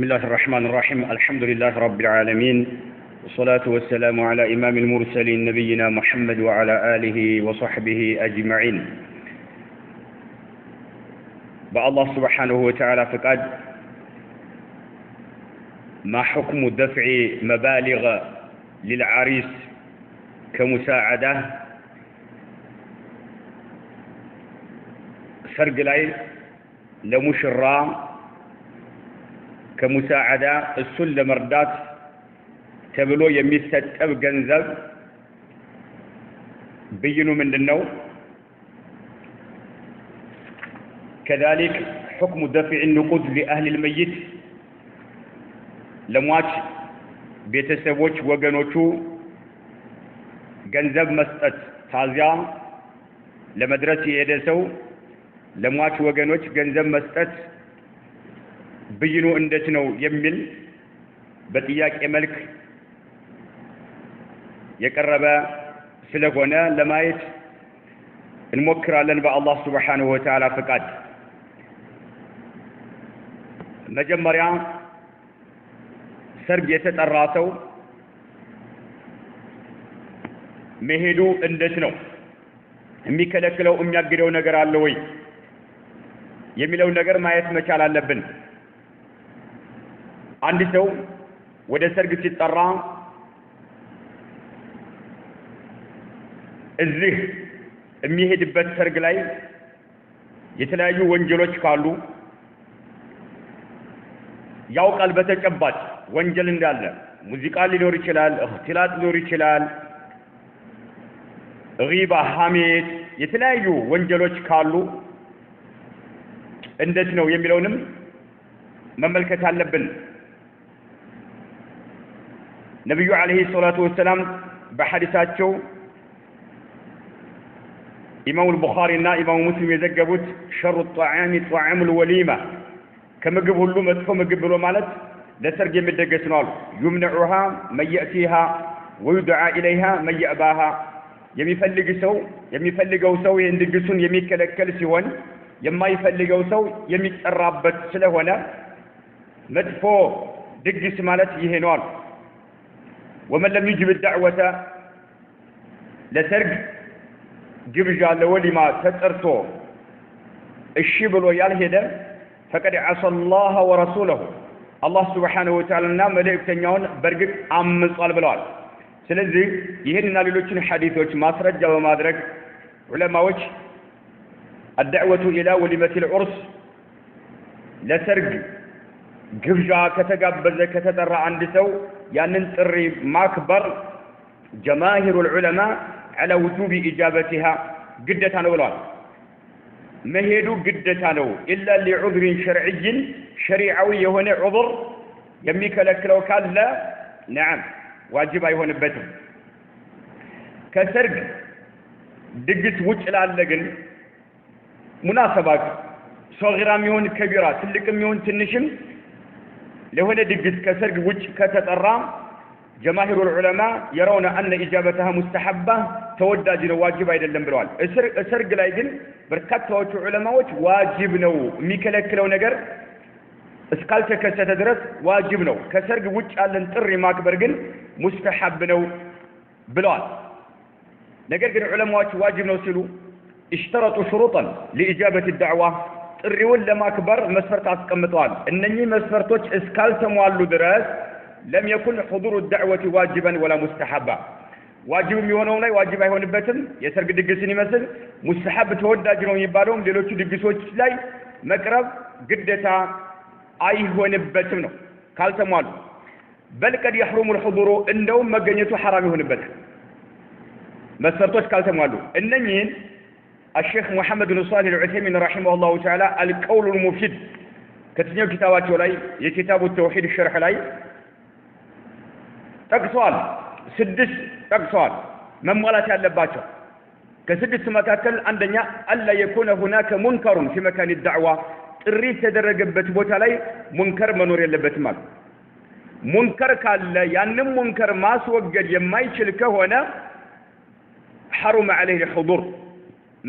بسم الله الرحمن الرحيم الحمد لله رب العالمين والصلاة والسلام على إمام المرسلين نبينا محمد وعلى آله وصحبه أجمعين بالله سبحانه وتعالى فقد ما حكم دفع مبالغ للعريس كمساعدة سرق لي لمشرة ከሙሳዓዳ እሱን ለመርዳት ተብሎ የሚሰጠብ ገንዘብ ብይኑ ምንድን ነው? ከዛሊክ ሑክሙ ደፊዕ ንቁድ ሊአህሊል መይት ለሟች ቤተሰቦች ወገኖቹ ገንዘብ መስጠት ታዚያ ለመድረስ የሄደ ሰው ለሟች ወገኖች ገንዘብ መስጠት ብይኑ እንዴት ነው የሚል በጥያቄ መልክ የቀረበ ስለሆነ ለማየት እንሞክራለን በአላህ ስብሓንሁ ወተዓላ ፈቃድ። መጀመሪያ ሰርግ የተጠራ ሰው መሄዱ እንዴት ነው? የሚከለክለው የሚያግደው ነገር አለ ወይ የሚለው ነገር ማየት መቻል አለብን። አንድ ሰው ወደ ሰርግ ሲጠራ እዚህ የሚሄድበት ሰርግ ላይ የተለያዩ ወንጀሎች ካሉ ያውቃል በተጨባጭ ወንጀል እንዳለ ሙዚቃ ሊኖር ይችላል፣ እህትላጥ ሊኖር ይችላል፣ ሪባ፣ ሐሜት፣ የተለያዩ ወንጀሎች ካሉ እንዴት ነው የሚለውንም መመልከት አለብን። ነቢዩ አለይሂ ሰላቱ ወሰላም በሐዲሳቸው ኢማሙ ልቡኻሪ እና ኢማሙ ሙስሊም የዘገቡት ሸሩ ጣዓሚ ጣዓሙ ልወሊማ ከምግብ ሁሉ መጥፎ ምግብ ብሎ ማለት ለሰርግ የሚደገስ ነው አሉ። ዩምነዑሃ መየእቲሃ ወዩድዓ ኢለይሃ መየእባሃ የሚፈልግ ሰው የሚፈልገው ሰው ይህን ድግሱን የሚከለከል ሲሆን የማይፈልገው ሰው የሚጠራበት ስለሆነ መጥፎ ድግስ ማለት ይሄ ነው አሉ። ومن لم يجب الدعوة لسرق جبجة لولي ما تترتو الشبل ويالهدى فقد عصى الله ورسوله الله سبحانه وتعالى نام ملائك تنيون برقك عم صالب الوال سلزي يهدنا للوچن حديثوش ما ترجى وما درك علماء الدعوة إلى وليمة العرس لسرق جبجا كتقبل ከተጠራ عند ሰው ያንን ጥሪ ማክበር ጀማሂሩ ልዑለማ ዐላ ውጁብ ኢጃበቲሃ ግደታ ነው ብለዋል። መሄዱ ግደታ ነው። ኢላ ሊዑድሪን ሸርዕይን ሸሪዓዊ የሆነ ዑድር የሚከለክለው ካለ ነዓም ዋጅብ አይሆንበትም። ከሰርግ ድግስ ውጭ ላለ ግን ሙናሰባ ሶግራ ይሁን ከቢራ ትልቅም ይሁን ትንሽም لهنا دقت كسر وجه كتتر جماهير العلماء يرون أن إجابتها مستحبة تودى جنو واجب إلى اللمبروال أسر أسر قلايدن بركات توجه علماء وجه واجب نو ميكلك لو نجر اسقالت كسر درس واجب نو كسر وجه على نتري ماك برجن مستحب نو بلوال نجر جن علماء وجه واجب نو سلو اشترطوا شروطا لإجابة الدعوة ጥሪውን ለማክበር መስፈርት አስቀምጠዋል። እነኚህ መስፈርቶች እስካልተሟሉ ድረስ ለም የኩን ሑዱሩ ዳዕወቲ ዋጅበን ወላ ሙስተሐባ ዋጅብ የሚሆነውም ላይ ዋጅብ አይሆንበትም። የሰርግ ድግስን ይመስል ሙስተሓብ ተወዳጅ ነው የሚባለውም ሌሎቹ ድግሶች ላይ መቅረብ ግዴታ አይሆንበትም ነው ካልተሟሉ። በልቀድ የሕሩሙ ልሑዱሩ እንደውም መገኘቱ ሐራም ይሆንበታል መስፈርቶች ካልተሟሉ እነኚህን الشيخ محمد بن صالح العثيمين رحمه الله تعالى القول المفيد كتنيو كتابات ولاي يكتاب التوحيد الشرح لاي تقصوال سدس تقصوال من ولا تعلباتو كسدس مكاكل عندنا ألا يكون هناك منكر في مكان الدعوة الريس تدرق بتبوت علي منكر منور يلبت بتمال منكر قال يعني منكر ما سوى قد يمايش الكهونة حرم عليه الحضور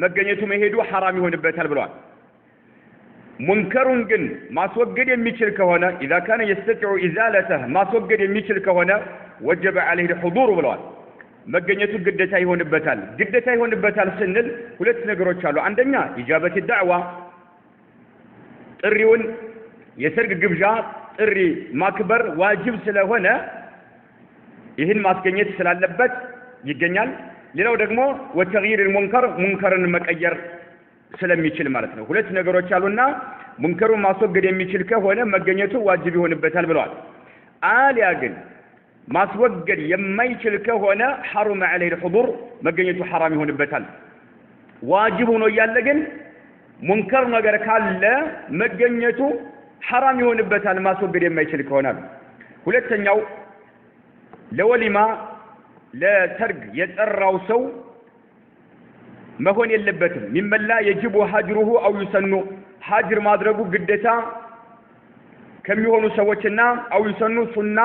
መገኘቱ መሄዱ ሐራም ይሆንበታል ብለዋል። ሙንከሩን ግን ማስወገድ የሚችል ከሆነ ኢዛ ካነ የስተጢዑ ኢዛለተህ ማስወገድ የሚችል ከሆነ ወጀበ ዐለይህ ሁዱሩ ብለዋል። መገኘቱ ግዴታ ይሆንበታል። ግዴታ ይሆንበታል ስንል ሁለት ነገሮች አሉ። አንደኛ ኢጃበት ዳዕዋ ጥሪውን የሰርግ ግብዣ ጥሪ ማክበር ዋጅብ ስለሆነ ይህን ማስገኘት ስላለበት ይገኛል። ሌላው ደግሞ ወተግይር ሙንከር ሙንከርን መቀየር ስለሚችል ማለት ነው። ሁለት ነገሮች አሉና ሙንከሩን ማስወገድ የሚችል ከሆነ መገኘቱ ዋጅብ ይሆንበታል ብለዋል። አሊያ ግን ማስወገድ የማይችል ከሆነ ሐሩመ ዐለይሂል ሑዱር መገኘቱ ሐራም ይሆንበታል። ዋጅብ ሆኖ እያለ ግን ሙንከር ነገር ካለ መገኘቱ ሐራም ይሆንበታል ማስወገድ የማይችል ከሆነ። ሁለተኛው ለወሊማ ለሰርግ የጠራው ሰው መሆን የለበትም። ሚመላ የጅቡ ሀጅሩሁ አው ዩሰኑ ሀጅር ማድረጉ ግዴታ ከሚሆኑ ሰዎችና አው ዩሰኑ ሱና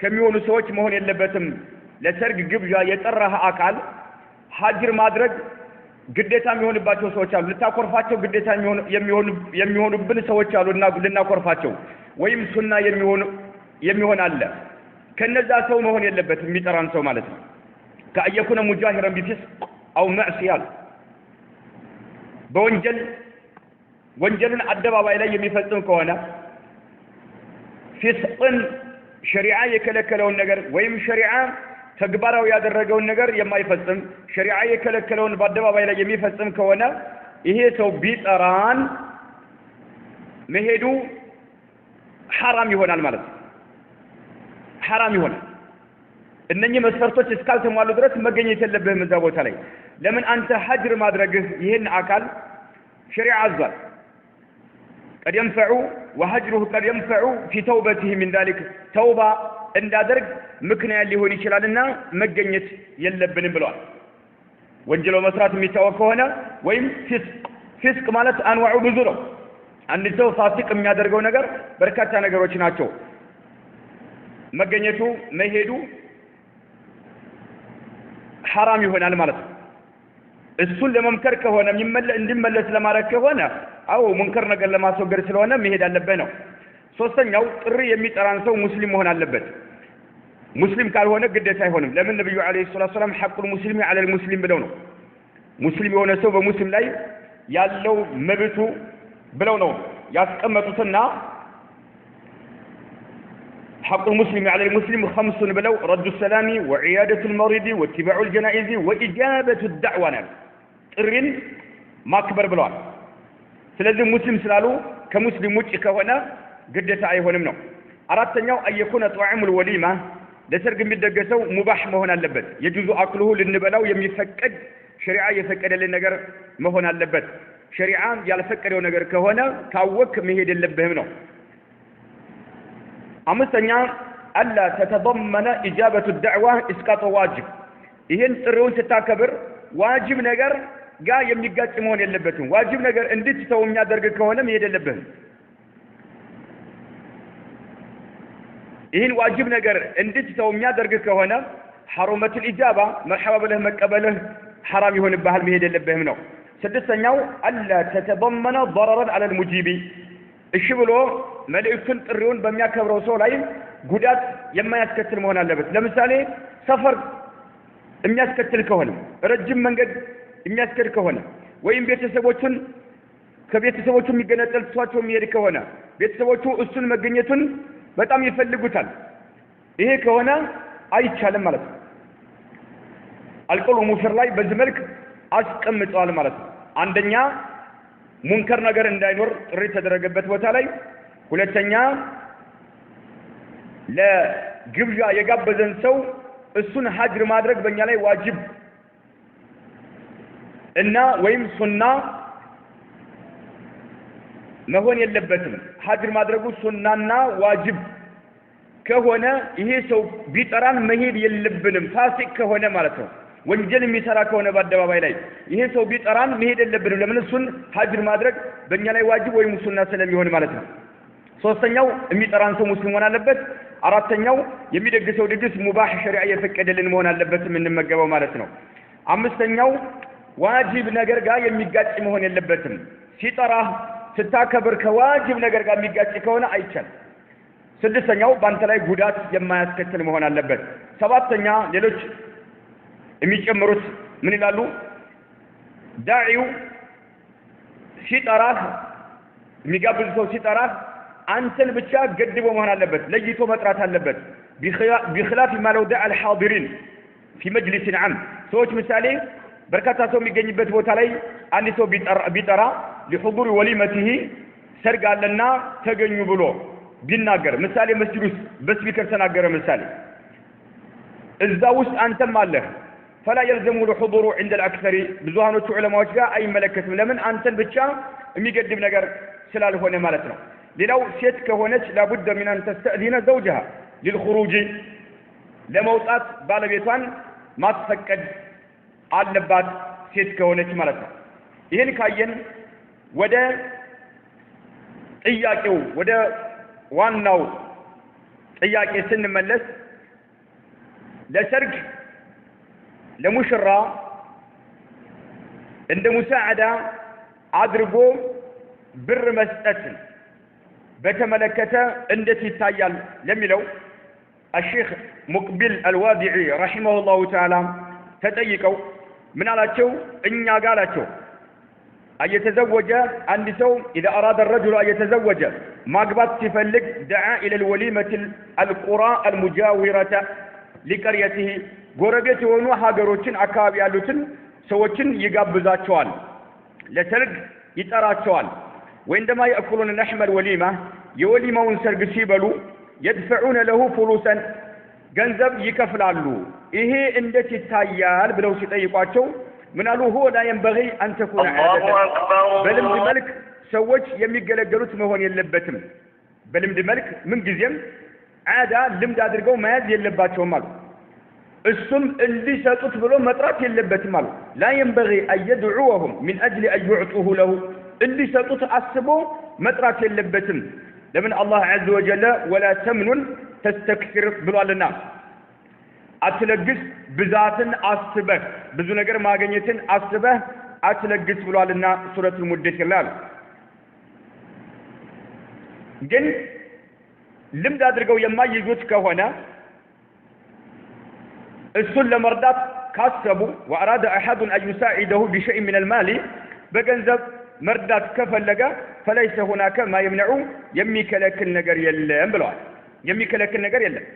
ከሚሆኑ ሰዎች መሆን የለበትም። ለሰርግ ግብዣ የጠራህ አካል ሀጅር ማድረግ ግዴታ የሚሆንባቸው ሰዎች አሉ። ልታኮርፋቸው ግዴታ የሚሆኑብን ሰዎች አሉ ልናኮርፋቸው ወይም ሱና የሚሆን አለ። ከነዛ ሰው መሆን የለበትም የሚጠራን ሰው ማለት ነው ከአየኩነ ሙጃሂረን ቢፊስቅ አው መዕስያል በወንጀል ወንጀልን አደባባይ ላይ የሚፈጽም ከሆነ ፊስቅን ሸሪዓ የከለከለውን ነገር ወይም ሸሪዓ ተግባራዊ ያደረገውን ነገር የማይፈጽም ሸሪዓ የከለከለውን በአደባባይ ላይ የሚፈጽም ከሆነ ይሄ ሰው ቢጠራን መሄዱ ሐራም ይሆናል ማለት ነው። ሐራም ይሆናል። እነኚህ መስፈርቶች እስካልተሟሉ ድረስ መገኘት የለብህም እዛ ቦታ ላይ። ለምን አንተ ሀጅር ማድረግህ ይህን አካል ሸሪዓ አዟል። ቀድ የንፈዑ ወሀጅሩሁ ቀድ የንፈዑ ፊ ተውበቲህ ሚን ዛሊክ ተውባ እንዳደርግ ምክንያት ሊሆን ይችላልና መገኘት የለብንም ብለዋል። ወንጀሎ መስራት የሚታወቅ ከሆነ ወይም ፊስቅ ፊስቅ ማለት አንዋዑ ብዙ ነው። አንድ ሰው ፋሲቅ የሚያደርገው ነገር በርካታ ነገሮች ናቸው። መገኘቱ መሄዱ ሐራም ይሆናል ማለት ነው። እሱን ለመምከር ከሆነ እንዲመለስ ለማድረግ ከሆነ አዎ ሙንከር ነገር ለማስወገድ ስለሆነ መሄድ አለበት ነው። ሶስተኛው ጥሪ የሚጠራን ሰው ሙስሊም መሆን አለበት። ሙስሊም ካልሆነ ግዴታ አይሆንም። ለምን ነብዩ አለይሂ ሰላቱ ሰላም ሐቁል ሙስሊሚ አለል ሙስሊም ብለው ነው። ሙስሊም የሆነ ሰው በሙስሊም ላይ ያለው መብቱ ብለው ነው ያስቀመጡትና حق المسلم على المسلم خمس بلو رد السلام وعيادة المريض واتباع الجنائز وإجابة الدعوة ترين ما كبر بلوان سلذي مسلم سلالو كمسلم مجئك هنا قد تعيه ونمنو أردت أن يكون طعام الوليمة لسرق من الدقسو مباح ما هنا اللبت يجوز أكله للنبلو يمفكد شريعة يفكد للنقر ما هنا اللبت شريعة يالفكر ونقر كهنا كاوك مهيد اللبهمنو አምስተኛ አላ ተተበመነ ኢጃበቱ ዳዕዋ እስቃጦ ዋጅብ ይህን ጥሪውን ስታከብር ዋጅብ ነገር ጋ የሚጋጭ መሆን የለበትም። ዋጅብ ነገር እንድትተው የሚያደርግ ከሆነ መሄድ የለብህም። ይህን ዋጅብ ነገር እንድትተው የሚያደርግ ከሆነ ሐሩመቱል ኢጃባ መርሐባ ብለህ መቀበልህ ሐራም ይሆንብሃል፣ መሄድ የለብህም ነው። ስድስተኛው አላ ተተበመነ ضررا على المجيب እሺ ብሎ መልእክቱን ጥሪውን በሚያከብረው ሰው ላይ ጉዳት የማያስከትል መሆን አለበት። ለምሳሌ ሰፈር የሚያስከትል ከሆነ ረጅም መንገድ የሚያስከድ ከሆነ ወይም ቤተሰቦቹን ከቤተሰቦቹ የሚገነጠል ትቷቸው የሚሄድ ከሆነ ቤተሰቦቹ እሱን መገኘቱን በጣም ይፈልጉታል። ይሄ ከሆነ አይቻልም ማለት ነው። አልቆል ሙፍር ላይ በዚህ መልክ አስቀምጠዋል ማለት ነው። አንደኛ ሙንከር ነገር እንዳይኖር ጥሪ የተደረገበት ቦታ ላይ ሁለተኛ ለግብዣ የጋበዘን ሰው እሱን ሀጅር ማድረግ በእኛ ላይ ዋጅብ እና ወይም ሱና መሆን የለበትም። ሀጅር ማድረጉ ሱናና ዋጅብ ከሆነ ይሄ ሰው ቢጠራን መሄድ የለብንም። ፋሲቅ ከሆነ ማለት ነው። ወንጀል የሚሰራ ከሆነ በአደባባይ ላይ ይሄ ሰው ቢጠራን መሄድ የለብንም። ለምን? እሱን ሀጅር ማድረግ በእኛ ላይ ዋጅብ ወይም ሱና ስለሚሆን ማለት ነው። ሶስተኛው የሚጠራን ሰው ሙስሊም መሆን አለበት። አራተኛው የሚደግሰው ድግስ ሙባህ ሸሪዓ የፈቀደልን መሆን አለበት የምንመገበው ማለት ነው። አምስተኛው ዋጅብ ነገር ጋር የሚጋጭ መሆን የለበትም። ሲጠራ ስታከብር ከዋጅብ ነገር ጋር የሚጋጭ ከሆነ አይቻል ስድስተኛው በአንተ ላይ ጉዳት የማያስከትል መሆን አለበት። ሰባተኛ ሌሎች የሚጨምሩት ምን ይላሉ? ዳዒው ሲጠራህ የሚጋብዝ ሰው ሲጠራህ አንተን ብቻ ገድቦ መሆን አለበት፣ ለይቶ መጥራት አለበት። ቢክላፍ ማለውዳ አልሓዲሪን ፊ መጅሊሲን ዓም ሰዎች ምሳሌ በርካታ ሰው የሚገኝበት ቦታ ላይ አንድ ሰው ቢጠራ ሊሑዱር ወሊመቲሂ ሰርግ አለና ተገኙ ብሎ ቢናገር ምሳሌ መስጂድ ውስጥ በስፒከር ተናገረ ምሳሌ እዛ ውስጥ አንተም አለህ ፈላ የልዘሙ ልሑዱሩ ዕንደ ልአክሰሪ ብዙሃኖቹ ዑለማዎች ጋር አይመለከትም ለምን አንተን ብቻ የሚገድብ ነገር ስላልሆነ ማለት ነው ሌላው ሴት ከሆነች ላቡደ ሚን ተስተእዚነ ዘውጅሃ ሊልኹሩጅ ለመውጣት ባለቤቷን ማስፈቀድ አለባት ሴት ከሆነች ማለት ነው። ይህን ካየን ወደ ጥያቄው ወደ ዋናው ጥያቄ ስንመለስ ለሰርግ ለሙሽራ እንደ ሙሳዕዳ አድርጎ ብር መስጠትን በተመለከተ እንዴት ይታያል ለሚለው አሼክ ሙቅቢል አልዋዲዒ ረሒመሁላሁ ተዓላ ተጠይቀው ምን አላቸው? እኛ ጋላቸው አላቸው እየተዘወጀ አንድ ሰው ኢዛ አራደ ረጁሉ እየተዘወጀ ማግባት ሲፈልግ ደዓ ኢለ ልወሊመት አልቁራ አልሙጃዊረተ ሊቀርየትህ ጎረቤት የሆኑ ሀገሮችን አካባቢ ያሉትን ሰዎችን ይጋብዛቸዋል፣ ለሰርግ ይጠራቸዋል። ወይንደማ የእኩሉን ለሕመል ወሊማ የወሊማውን ሰርግ ሲበሉ የድፈዑነ ለሁ ፍሉሰን ገንዘብ ይከፍላሉ። ይሄ እንዴት ይታያል ብለው ሲጠይቋቸው ምናሉ ሁወ ላ የንበጊ አንተኩነ ዐደተን በልምድ መልክ ሰዎች የሚገለገሉት መሆን የለበትም። በልምድ መልክ ምንጊዜም ዐዳ ልምድ አድርገው መያዝ የለባቸውም አሉ። እሱም እንዲሰጡት ብሎ መጥራት የለበትም አሉ። ላ የንበጊ አን ሚን አጅሊ አን ለሁ እንዲሰጡት አስቦ መጥራት የለበትም። ለምን አላህ ዐዘ ወጀለ ወላ ተምኑን ተስተክሲር ብሏልና አትለግስ፣ ብዛትን አስበህ ብዙ ነገር ማግኘትን አስበህ አትለግስ ብሏልና ሱረቱል ሙደሲር ላይ ግን ልምድ አድርገው የማይይዙት ከሆነ እሱን ለመርዳት ካሰቡ ወአራደ አሐዱን አን ዩሳዒደሁ ቢሸይን ሚነል ማሊ በገንዘብ መርዳት ከፈለገ ፈለይሰ ሁናከ ማ የሚከለክል ነገር የለም ብለዋል። የሚከለክል ነገር የለም።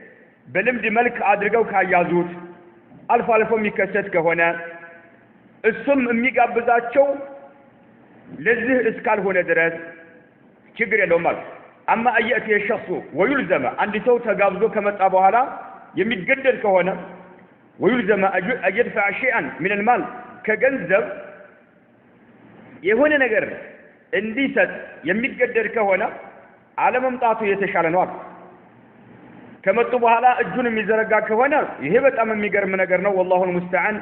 በልምድ መልክ አድርገው ካያዙት አልፎ አልፎ የሚከሰት ከሆነ እሱም የሚጋብዛቸው ለዚህ እስካልሆነ ድረስ ችግር የለውም ማለት አማ አየእቲ የሸሱ ወዩልዘመ አንድ ሰው ተጋብዞ ከመጣ በኋላ የሚገደል ከሆነ ወዩልዘመ አየድፈ ሸይአን ሚነል ከገንዘብ የሆነ ነገር እንዲሰጥ የሚገደድ ከሆነ አለመምጣቱ የተሻለ ነው አሉ። ከመጡ በኋላ እጁን የሚዘረጋ ከሆነ ይሄ በጣም የሚገርም ነገር ነው፣ ወላሁን ሙስተዓን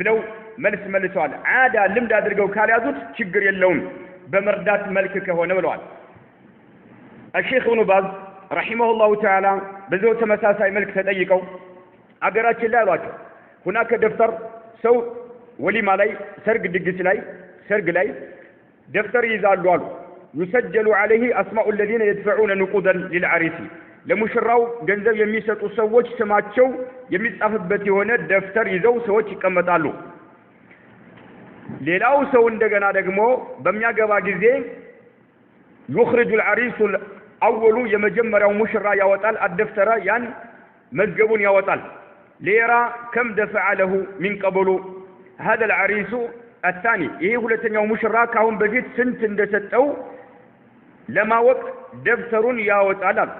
ብለው መልስ መልሰዋል። አዳ ልምድ አድርገው ካልያዙት ችግር የለውም በመርዳት መልክ ከሆነ ብለዋል። አሼክ ኢብኑ ባዝ ረሒመሁላሁ ተዓላ በዚው ተመሳሳይ መልክ ተጠይቀው አገራችን ላይ አሏቸው ሁናከ ደፍተር ሰው ወሊማ ላይ ሰርግ ድግስ ላይ ሰርግ ላይ ደብተር ይይዛሉ አሉ ዩሰጀሉ ዐለይህ አስማኡ ለዚነ የድፈዑነ ንቁደን ሊልዓሪሲ ለሙሽራው ገንዘብ የሚሰጡ ሰዎች ስማቸው የሚጻፍበት የሆነ ደብተር ይዘው ሰዎች ይቀመጣሉ። ሌላው ሰው እንደገና ደግሞ በሚያገባ ጊዜ ዩኽርጁ ልዓሪሱ አወሉ የመጀመሪያው ሙሽራ ያወጣል አደፍተረ ያን መዝገቡን ያወጣል። ሌራ ከም ደፈዐ ለሁ ሚን ቀብሉ هذا العريس الثاني ايه ولتن يوم مش راك هون بجيت سنت اندست او لما وقت دفترون يا علم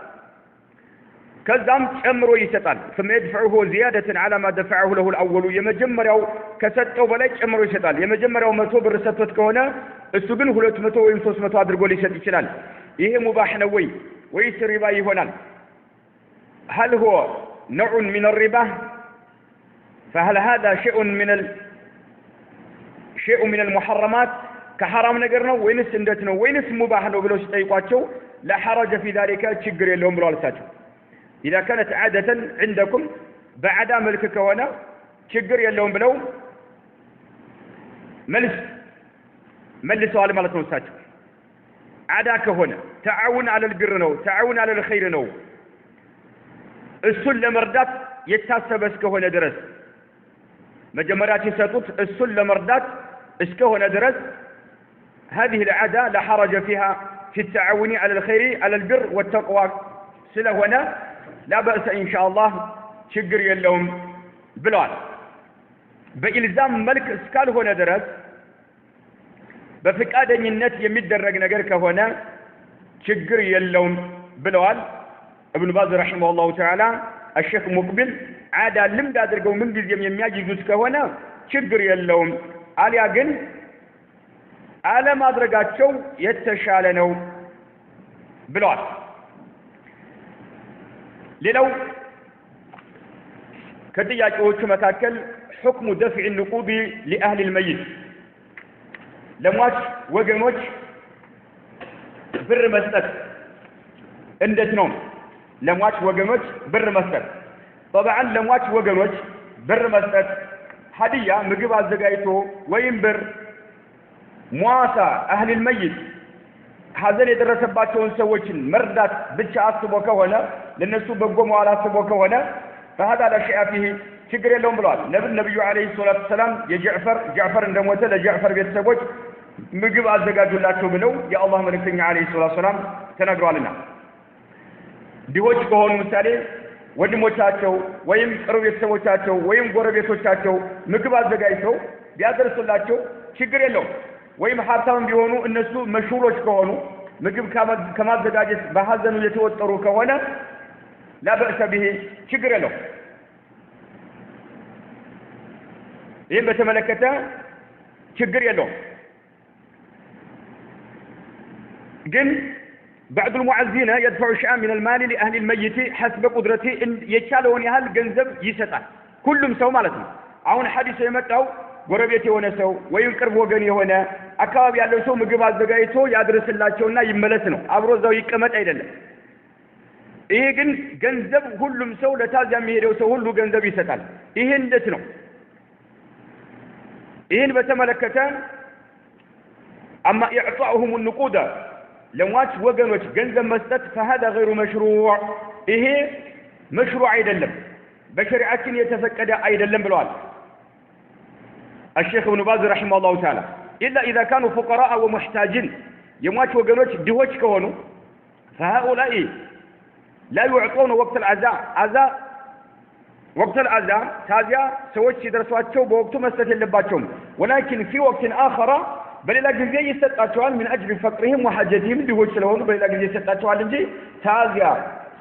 كذام امرو يستطان ثم يدفعه زيادة على ما دفعه له الاول يمجمر او كست او بلايك امرو يستطان يمجمر او متوب الرسطة كونا استبنه لتمتو ويمتوس متو عدرقو ليست شلال ايه مباح نوي ويس الربا هنا هل هو نوع من الربا فهل هذا شيء من الربا شيء من المحرمات كحرام نقرنا وين سندتنا وين مباح نو بلوش تيقاتشو لا حرج في ذلك تشقر لهم رالساتشو إذا كانت عادة عندكم بعد ملك كوانا تشقر لهم بلو ملس ملس على مالك نوساتشو عداك هنا تعاون على البر نو تعاون على الخير نو السل مردات بس كهنا درس مجمرات ستوت السل مردات اسكوه ندرس هذه العادة لا حرج فيها في التعاون على الخير على البر والتقوى سله هنا لا بأس إن شاء الله شكر يلهم بلال بإلزام ملك اسكال هنا درس بفكادة النت يمد الرقنا قرك هنا شكر يلهم بلال ابن باز رحمه الله تعالى الشيخ مقبل عاد لم دادر قوم من قزيم يمياجي جزك هنا شقر አሊያ ግን አለማድረጋቸው የተሻለ ነው ብለዋል። ሌላው ከጥያቄዎቹ መካከል ሕክሙ ደፍዕ ንቁቢ ሊአህል ልመይት ለሟች ወገኖች ብር መስጠት እንዴት ነው? ለሟች ወገኖች ብር መስጠት ጠብዓን ለሟች ወገኖች ብር መስጠት ሀዲያ ምግብ አዘጋጅቶ ወይም ብር ሙዋሳ አህሊል መይት ሀዘን የደረሰባቸውን ሰዎችን መርዳት ብቻ አስቦ ከሆነ ለነሱ በጎ መዋል አስቦ ከሆነ ፈሀዳ ለሸያ ፊህ ችግር የለውም ብለዋል ነብይ ነብዩ አለይሂ ሰላቱ ሰላም የጃዕፈር ጃዕፈር እንደሞተ ለጃዕፈር ቤተሰቦች ምግብ አዘጋጁላቸው ብለው የአላህ መልእክተኛ አለይሂ ሰላቱ ሰላም ተናግረዋልና ድሆች ከሆኑ ምሳሌ ወንድሞቻቸው ወይም ጥሩ ቤተሰቦቻቸው ወይም ጎረቤቶቻቸው ምግብ አዘጋጅተው ቢያደርሱላቸው ችግር የለውም። ወይም ሀብታም ቢሆኑ እነሱ መሽሁሎች ከሆኑ ምግብ ከማዘጋጀት በሀዘኑ የተወጠሩ ከሆነ ላበእሰ ብሄ ችግር የለው ይህም በተመለከተ ችግር የለውም ግን بعض المعزين يدفع شيئا من المال لأهل الميت حسب قدرته إن يتشالوني يهل قنزب يسطع كل مسوا مالتنا عون حديث يمتعو قربيتي هنا سو وينقرب وقني هنا أكواب يعلم سو مقبات بقايتو يادرس الله شونا يملسنو أبرزو يكمت أيضا إيقن قنزب كل مسوا لتازع ميريو سو هلو قنزب يسطع إيهن دتنو إيهن بتملكتان أما يعطعهم النقودة لموات وقنوش قنزم مستت فهذا غير مشروع إيه مشروع أيدلم بشريعه يتفكد أيدلم بالوال الشيخ ابن باز رحمه الله تعالى إلا إذا كانوا فقراء ومحتاجين يموات وقنوش ديوش كونوا فهؤلاء لا يعطون وقت العزاء عزاء وقت العزاء تازيا سوتش درسواتشو بوقتو مستت اللباتشو ولكن في وقت آخر بلي لك جزية يستقطعون من أجل فقرهم وحاجتهم دي هو شلون بلي لك جزية يستقطعون جي تازيا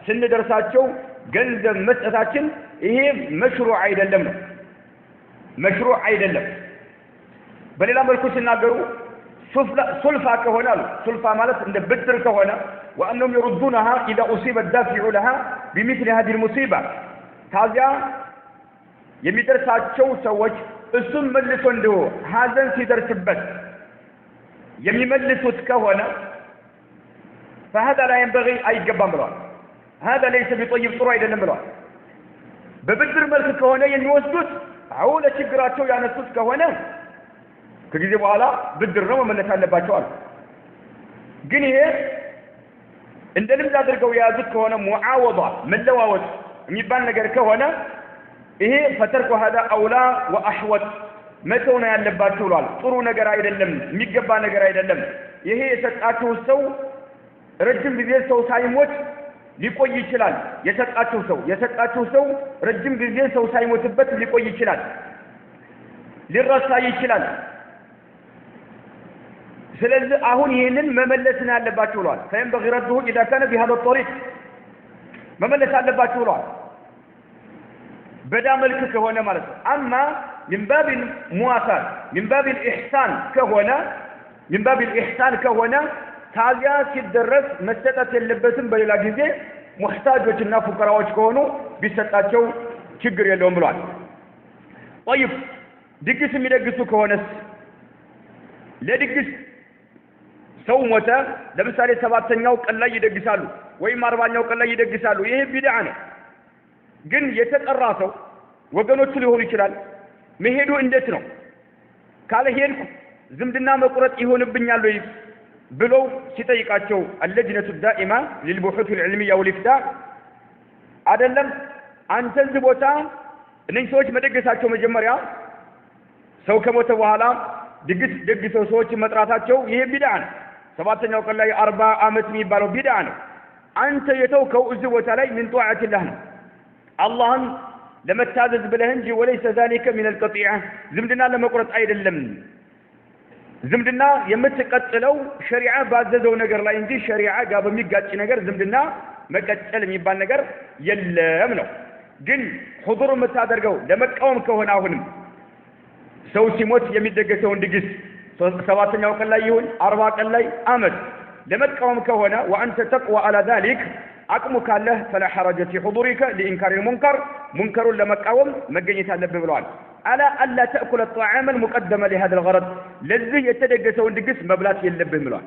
سن درساتشو جنز مسأتاتشن إيه مشروع عيد اللم مشروع عيد اللم بلي لما الكوس الناقرو سلفا كهونا سلفا مالت عند بدر كهونا وأنهم يردونها إذا أصيب الدافع لها بمثل هذه المصيبة تازيا يمدرسات شو سوج اسم مجلس عنده هذا سيدر تبت يملفوا تكونا فهذا لا ينبغي اي قبا هذا ليس بطيب صورة الى المرأة ببدر ملك كهونا ينوزدوت عولة شقراتو يعني سوت كهونا كجيبوا على بدر رمو من نتعلم باتوال قني هي عند المزاد القوي هذا كهونا معاوضة من دواوز ميبان لقر كهونا إيه فتركوا هذا أولى وأحوط መተው ነው ያለባችሁ ብሏል። ጥሩ ነገር አይደለም፣ የሚገባ ነገር አይደለም። ይሄ የሰጣችሁ ሰው ረጅም ጊዜ ሰው ሳይሞት ሊቆይ ይችላል። የሰጣችሁ ሰው የሰጣችሁ ሰው ረጅም ጊዜ ሰው ሳይሞትበት ሊቆይ ይችላል፣ ሊረሳ ይችላል። ስለዚህ አሁን ይህንን መመለስ ነው ያለባችሁ ብሏል። ፈየንበጊ ረድሁ ኢዛ ካነ ቢሃዛ መመለስ አለባችሁ ብሏል። በዳ መልክ ከሆነ ማለት ነው አማ ሚንባብ ሙዋሳት ሚንባብ ኢሕሳን ከሆነ ሚንባብ ኢሕሳን ከሆነ ታዚያ ሲደረስ መሰጠት የለበትም። በሌላ ጊዜ ሙሕታጆችና ፉቀራዎች ከሆኑ ቢሰጣቸው ችግር የለውም ብሏል። ጠይብ ድግስ የሚደግሱ ከሆነስ ለድግስ ሰው ሞተ፣ ለምሳሌ ሰባተኛው ቀን ላይ ይደግሳሉ ወይም አርባኛው ቀን ላይ ይደግሳሉ። ይሄ ቢድዓ ነው። ግን የተጠራ ሰው ወገኖቹ ሊሆኑ ይችላል መሄዱ እንዴት ነው? ካልሄድኩ ዝምድና መቁረጥ ይሆንብኛል ወይ ብለው ሲጠይቃቸው አለጅነቱ ዳኢማ ሊልቡሑት ልዕልሚያ ወልፍዳ አይደለም አንተ እዚህ ቦታ እነዚህ ሰዎች መደገሳቸው መጀመሪያ ሰው ከሞተ በኋላ ድግስ ደግሰው ሰዎች መጥራታቸው ይሄ ቢድዓ ነው። ሰባተኛው ቀን ላይ አርባ ዓመት የሚባለው ቢድዓ ነው። አንተ የተውከው እዚህ ቦታ ላይ ምን ጧዓትላህ ነው አላህን ለመታዘዝ ብለህ እንጂ ወለይሰ ዛሊከ ሚነል ቀጢዐ ዝምድና ለመቁረጥ አይደለም። ዝምድና የምትቀጥለው ሸሪዓ ባዘዘው ነገር ላይ እንጂ ሸሪዓ ጋር በሚጋጭ ነገር ዝምድና መቀጠል የሚባል ነገር የለም ነው። ግን ሁዱር የምታደርገው ለመቃወም ከሆነ አሁንም ሰው ሲሞት የሚደገሰውን ድግስ ሰባተኛው ቀን ላይ ይሁን አርባ ቀን ላይ አመት ለመቃወም ከሆነ ወአንተ ተቅዋ አላ ዛሊክ أكمل الله فلا حرج في حضورك لإنكار المنكر منكر لما قوم مجنية النبي بلوان ألا ألا تأكل الطعام المقدم لهذا الغرض الذي يتدق سوين دقس مبلات يلب بلوان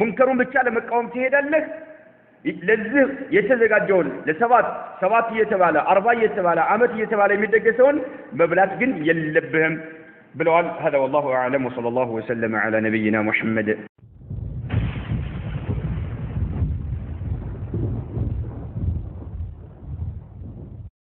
منكر بكال لما قوم تهيدا لك لذي يتدق الجول لسوات سوات يتبالا أربع يتبالا عمت يتبالا يمدق سوين مبلات قن يلبهم بلوان هذا والله أعلم وصلى الله وسلم على نبينا محمد